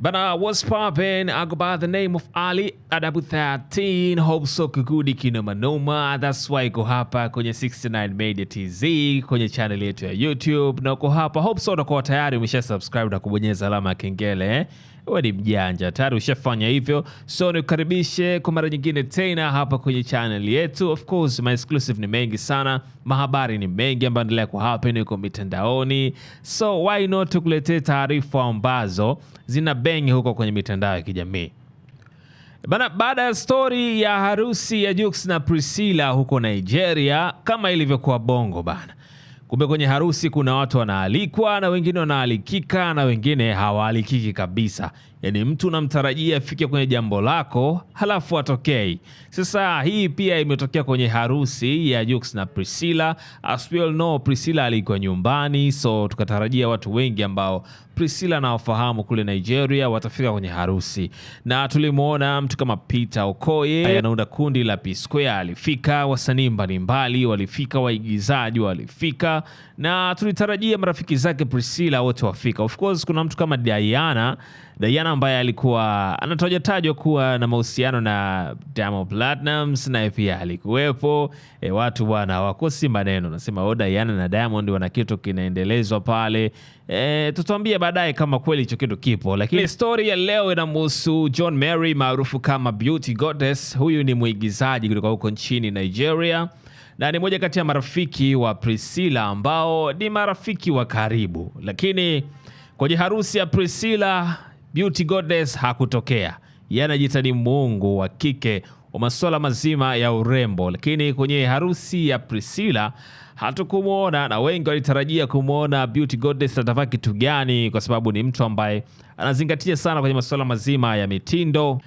Bana, uh, what's poppin? I go by the name of Ali Adabu 13 Hope so kikudi kinoma noma. That's why iko hapa kwenye 69 Media TZ kwenye channel yetu ya YouTube na uko hapa Hope so unakuwa tayari umesha subscribe na kubonyeza alama ya kengele. Eh? Wewe ni mjanja tayari ushafanya hivyo, so nikukaribishe kwa mara nyingine tena hapa kwenye channel yetu. Of course my exclusive ni mengi sana, mahabari ni mengi ambayo endelea ku happen uko mitandaoni, so why not tukuletee taarifa ambazo zina bengi huko kwenye mitandao ya kijamii. Bana, baada ya stori ya harusi ya Jux na Priscilla huko Nigeria, kama ilivyokuwa Bongo bana, kumbe kwenye harusi kuna watu wanaalikwa na wengine wanaalikika na wengine hawaalikiki kabisa. Yaani mtu unamtarajia afike kwenye jambo lako halafu atokei. Sasa hii pia imetokea kwenye harusi ya Jux na Priscilla. As we all know, Priscilla alikuwa nyumbani, so tukatarajia watu wengi ambao Priscilla nawafahamu kule Nigeria watafika kwenye harusi, na tulimwona mtu kama Peter Okoye anaunda kundi la P Square alifika, wasanii mbalimbali walifika, waigizaji walifika, na tulitarajia marafiki zake Priscilla wote wafika. Of course kuna mtu kama Diana Diana ambaye alikuwa anatojatajwa kuwa na mahusiano na Diamond Platnumz, naye pia alikuwepo. E, watu bwana wakosi maneno, nasema o, oh, Diana na Diamond wana kitu kinaendelezwa pale. E, tutambie baadaye kama kweli hicho kitu kipo, lakini stori ya leo inamhusu John Mary maarufu kama Beauty Goddess. Huyu ni mwigizaji kutoka huko nchini Nigeria na ni moja kati ya marafiki wa Priscilla ambao ni marafiki wa karibu, lakini kwenye harusi ya Priscilla Beauty Goddess hakutokea, yeye anajiita ni mungu wa kike wa masuala mazima ya urembo, lakini kwenye harusi ya Priscilla hatukumwona na wengi walitarajia kumwona Beauty Goddess atavaa kitu gani, kwa sababu ni mtu ambaye anazingatia sana kwenye masuala mazima ya mitindo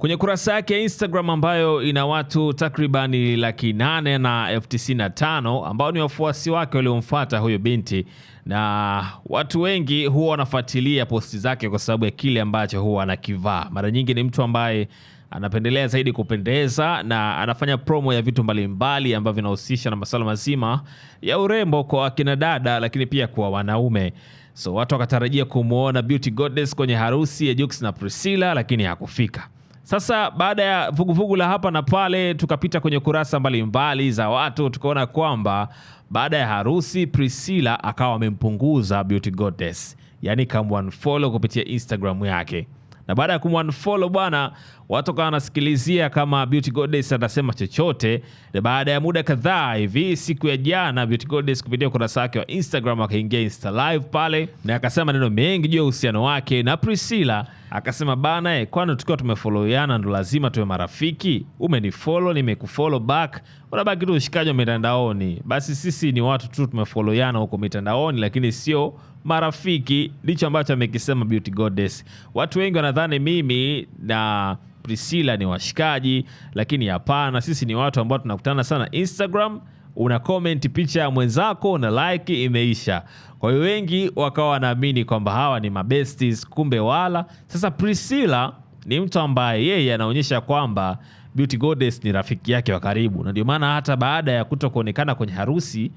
kwenye kurasa yake ya Instagram ambayo ina watu takribani laki nane na elfu tisini na tano ambao ni wafuasi wake waliomfuata huyo binti, na watu wengi huwa wanafuatilia posti zake kwa sababu ya kile ambacho huwa anakivaa. Mara nyingi ni mtu ambaye anapendelea zaidi kupendeza na anafanya promo ya vitu mbalimbali ambavyo vinahusisha na masuala mazima ya urembo kwa akina dada, lakini pia kwa wanaume. So watu wakatarajia kumwona Beauty Goddess kwenye harusi ya Jux na Priscilla, lakini hakufika. Sasa baada ya vuguvugu la hapa na pale, tukapita kwenye kurasa mbalimbali mbali za watu, tukaona kwamba baada ya harusi Priscilla akawa amempunguza Beauty Goddess, yaani unfollow kupitia Instagram yake, na baada ya kumunfollow bwana watu wakawa wanasikilizia kama Beauty Goddess atasema chochote. baada ya muda kadhaa hivi, siku ya jana, Beauty Goddess kupitia ukurasa wake wa Instagram akaingia Insta Live pale na akasema neno mengi juu ya uhusiano wake na Priscilla. Akasema bana, eh, kwani tukiwa tumefollowiana ndo lazima tuwe marafiki? Umenifollow, nimekufollow back, unabaki tu ushikaji wa mitandaoni. Basi sisi ni watu tu tumefollowiana huko mitandaoni, lakini sio marafiki. Ndicho ambacho amekisema Beauty Goddess. Watu wengi wanadhani mimi na Priscilla ni washikaji, lakini hapana, sisi ni watu ambao tunakutana sana Instagram una comment picha ya mwenzako na like imeisha. Kwa hiyo wengi wakawa wanaamini kwamba hawa ni mabesties, kumbe wala. Sasa Priscilla ni mtu ambaye yeye anaonyesha kwamba Beauty Goddess ni rafiki yake wa karibu, na ndio maana hata baada ya kuto kuonekana kwenye harusi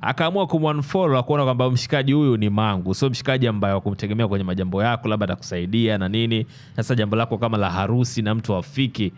akaamua kumwanfolo akuona kwamba mshikaji huyu ni mangu, sio mshikaji ambaye wakumtegemea kwenye majambo yako, labda atakusaidia na nini. Sasa jambo lako kama la harusi na mtu afiki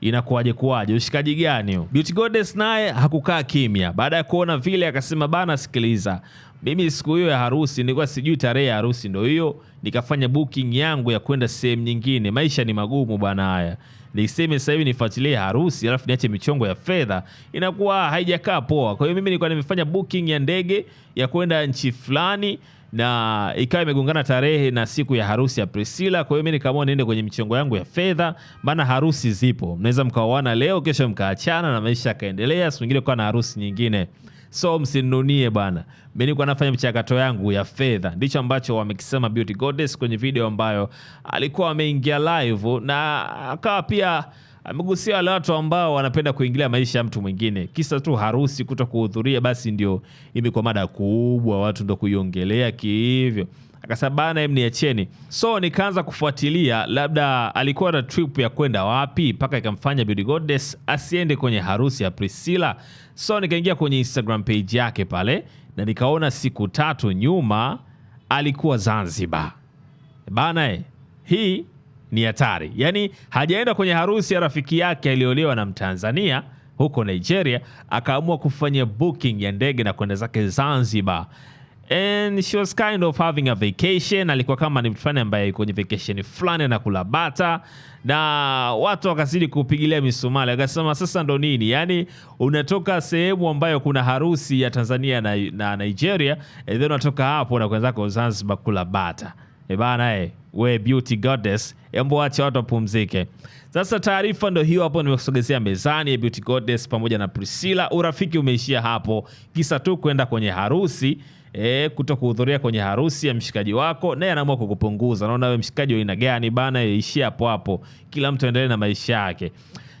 inakuwaje kuwaje, ushikaji gani huu? Beauty Goddess naye hakukaa kimya. Baada ya kuona vile, akasema bana, sikiliza, mimi siku hiyo ya harusi nilikuwa sijui tarehe ya harusi, ndo hiyo nikafanya booking yangu ya kwenda sehemu nyingine. Maisha ni magumu bana, haya niseme sasa hivi nifuatilie harusi alafu niache michongo ya fedha, inakuwa haijakaa poa. Kwa hiyo mimi nilikuwa nimefanya booking ya ndege ya kwenda nchi fulani na ikawa imegongana tarehe na siku ya harusi ya Priscilla. Kwa hiyo mimi nikaamua niende kwenye michongo yangu ya fedha, maana harusi zipo, mnaweza mkaoana leo, kesho mkaachana na maisha yakaendelea, siku nyingine kwa na harusi nyingine. So msinunie bana, mimi nilikuwa nafanya mchakato yangu ya fedha, ndicho ambacho wamekisema Beauty Goddess kwenye video ambayo alikuwa ameingia live, na akawa pia amegusia wale watu ambao wanapenda kuingilia maisha ya mtu mwingine, kisa tu harusi kuto kuhudhuria, basi ndio imekuwa mada kubwa, watu ndo kuiongelea kihivyo. Akasema bana, niacheni So nikaanza kufuatilia, labda alikuwa na trip ya kwenda wapi mpaka ikamfanya Beauty Goddess asiende kwenye harusi ya Priscilla. So nikaingia kwenye Instagram page yake pale na nikaona siku tatu nyuma alikuwa Zanzibar bana, eh, hii ni hatari. Yaani hajaenda kwenye harusi ya rafiki yake aliyolewa na Mtanzania huko Nigeria, akaamua kufanya booking ya ndege na kwenda zake Zanzibar. And she was kind of having a vacation. Alikuwa kama ni mtu fulani ambaye kwenye vacation fulani na kulabata, na watu wakazidi kupigilia misumali, akasema sasa ndo nini? Yani unatoka sehemu ambayo kuna harusi ya Tanzania na, na Nigeria, and then unatoka hapo na kwenda zako Zanzibar kulabata ebana eh, E eh, we beauty goddess, embo wache watu wapumzike. Sasa taarifa ndo hiyo hapo, nimekusogezea mezani ya eh, beauty goddess pamoja na Priscilla. Urafiki umeishia hapo, kisa tu kwenda kwenye harusi E, kuto kuhudhuria kwenye harusi ya mshikaji wako, naye anaamua kukupunguza. Naona wewe mshikaji wa aina gani bana? Ishia hapo hapo, kila mtu aendelee na maisha yake.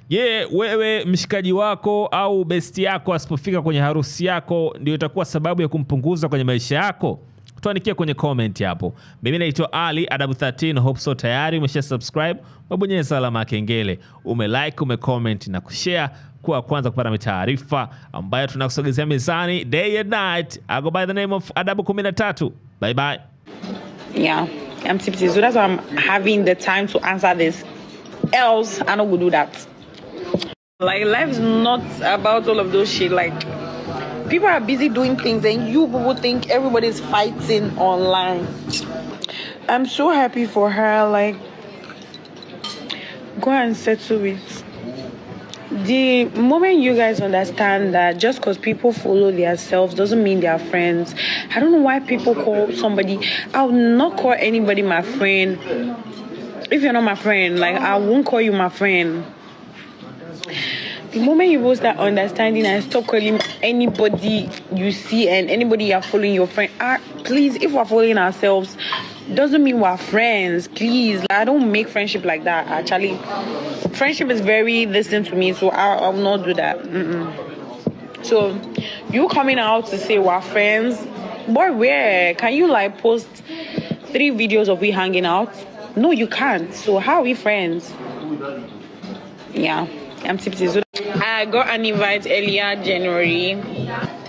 Je, wewe mshikaji wako au besti yako asipofika kwenye harusi yako ndio itakuwa sababu ya kumpunguza kwenye maisha yako? tuandikia kwenye comment hapo. Mimi naitwa Ali Adabu 13, hope so. Tayari umesha subscribe, umebonyeza alama ya kengele, umelike, umecomment na kushare kuwa kwanza kupata mitaarifa ambayo tunakusogezea mezani day and night. I go by the name of Adabu 13. Bye bye. Yeah, I'm tipsy. So that's why I'm having the time to answer this. Else, I do that. Like, life's not about all of those shit. Like, people are busy doing things and you people think everybody's fighting online i'm so happy for her like go and settle it the moment you guys understand that just because people follow themselves doesn't mean they are friends i don't know why people call somebody i will not call anybody my friend if you're not my friend like i won't call you my friend the moment you post that understanding and stop calling anybody you see and anybody you are following your friend, ah, please, if we're following ourselves, doesn't mean we're friends. Please, like, I don't make friendship like that. Actually, friendship is very distant to me, so I, I will not do that. Mm-mm. So, you coming out to say we're friends, boy, where can you like post three videos of we hanging out? No, you can't. So how are we friends? Yeah, I'm tipsy. I got an invite earlier January.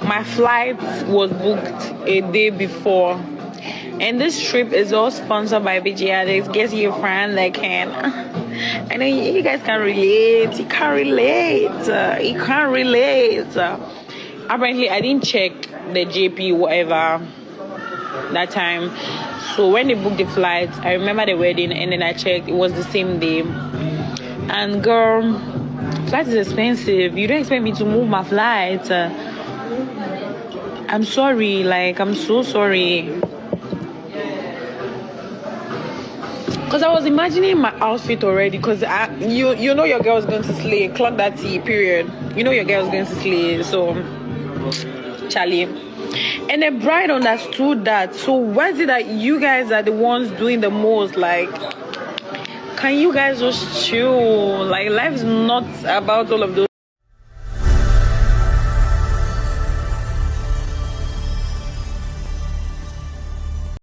My flight was booked a day before. And this trip is all sponsored by Addicts. Guess your friend that can. I know you guys can relate. You can relate. You can relate. Apparently, I didn't check the JP, whatever, that time. So when they booked the flight, I remember the wedding and then I checked. It was the same day. And girl, flight is expensive. You don't expect me to move my flight. I'm sorry. Like, I'm so sorry. Cause I was imagining my outfit already. Cause I, you, you know your girl's going to slay. Clock that T. Period. You know your girl's going to slay. So, Charlie. And the bride understood that. So why is it that you guys are the ones doing the most? Like, can you guys just chill? Like, life's not about all of those.